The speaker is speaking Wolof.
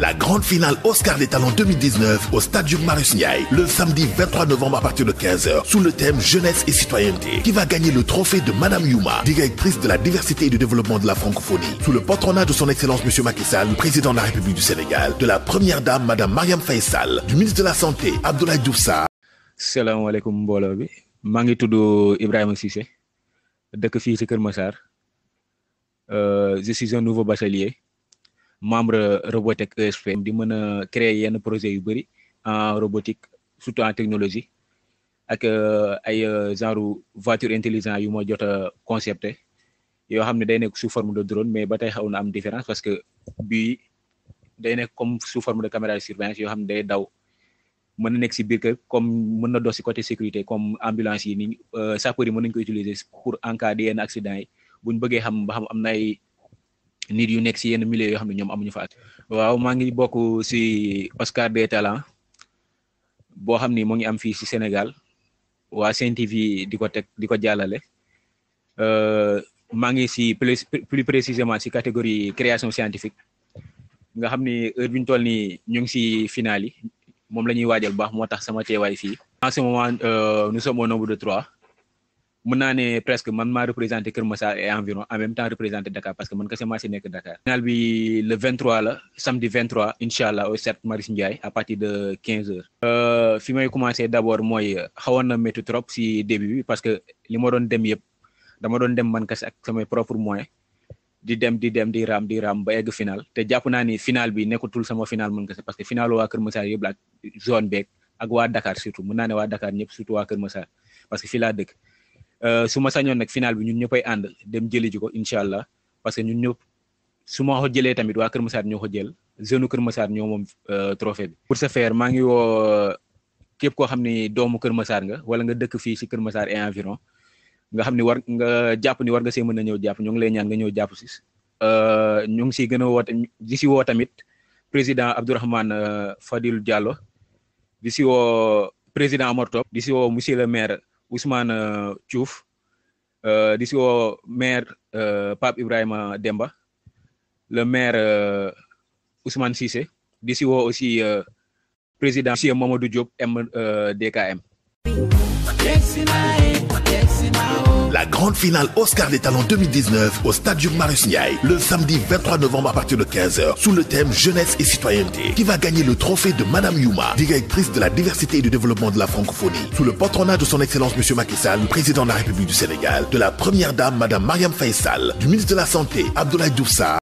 La grande finale Oscar des talents 2019 au Stadium Marius le samedi 23 novembre à partir de 15h sous le thème jeunesse et citoyenneté qui va gagner le trophée de Madame Yuma, directrice de la diversité et du développement de la francophonie sous le patronat de son excellence Monsieur Macky Sall, président de la République du Sénégal, de la première dame Madame Mariam faisal du ministre de la santé Abdoulaye Doussa. Euh, je suis un nouveau bachelier. membre Robotech ESP di mën a créer yenn projet yu bëri en robotique surtout en technologie ak euh, ay euh, genre voiture intelligent yu ma jot a concepté yoo xam ne day nekk sous forme de drone mais ba tey xaw na am différence parce que bii day nekk comme sous forme de caméra surveillance yoo xam ne day daw mën na nekk si biir kër comme mën na dox si côté sécurité comme ambulance yi ni euh, sapeur yi mën na ko utiliser pour en cas de yenn accident yi buñ bëggee xam ba xam am na ay nit yu nek ci yenn milieu yo xamni ñom amuñu fa waaw ma ngi bokku ci Oscar des talents bo xamni mo ngi am fi ci Sénégal wa Saint TV diko tek diko di euh ma ngi ci plus précisément ci catégorie création scientifique nga xamni heure bi ñu toll nii ñu ngi ci finale yi moom la ñuy waajal baax sama téway fi en ce moment euh nous sommes au nombre de 3 mën naa ne presque man maa représenté Kër Massar et environ en même temps représenté Dakar parce que man kese maa si nekk Dakar. final bi le 23 la samedi 23 incha allah au cercle Maris Ndiaye à partir de 15h. Euh, fi may commencé d' abord mooy xawoon na métti trop si début bi parce que li ma doon dem yëpp dama doon dem man kese ak samay propre moyen di dem di dem di raam di raam ba egg final te jàpp naa ni final bi nekkatul sama final mon nga parce que final waa Kër Massa yëpp la zone beeg ak waa Dakar surtout mën naa ne waa Dakar ñëpp surtout waa Kër Massa parce que fii laa dëkk Euh, su ma sañoon nag final bi ñun ñëppay ànd dem jëli ji ko incha allah parce que ñun ñëpp su ma ko jëlee tamit waa Kër Masar ñoo ko jël jeune Kër Masar ñoo moom euh, trophée bi. pour ce faire maa ngi woo euh, képp koo xam ni doomu Kër Masar nga wala nga dëkk fii si Kër Masar et environ nga xam ni war nga jàpp ni war nga see mën a ñëw jàpp ñoo ngi lay ñaan nga ñëw jàpp si ñoo ngi si gën a woot di si woo tamit président Abdourahmane Fadil Diallo di si woo président Amar Top si woo monsieur le maire. Ousmane eh, Diouf eh, di ci maire euh, Pape Ibrahima eh, Demba le maire euh, Ousmane Cissé di ci aussi euh, président Cheikh Mamadou Diop M euh, DKM La grande finale Oscar des talents 2019 au Stade Marius le samedi 23 novembre à partir de 15h sous le thème jeunesse et citoyenneté qui va gagner le trophée de Madame Yuma, directrice de la diversité et du développement de la francophonie sous le patronat de son excellence monsieur Macky Sall, président de la République du Sénégal, de la première dame Madame Mariam Faye du ministre de la Santé Abdoulaye Doussa,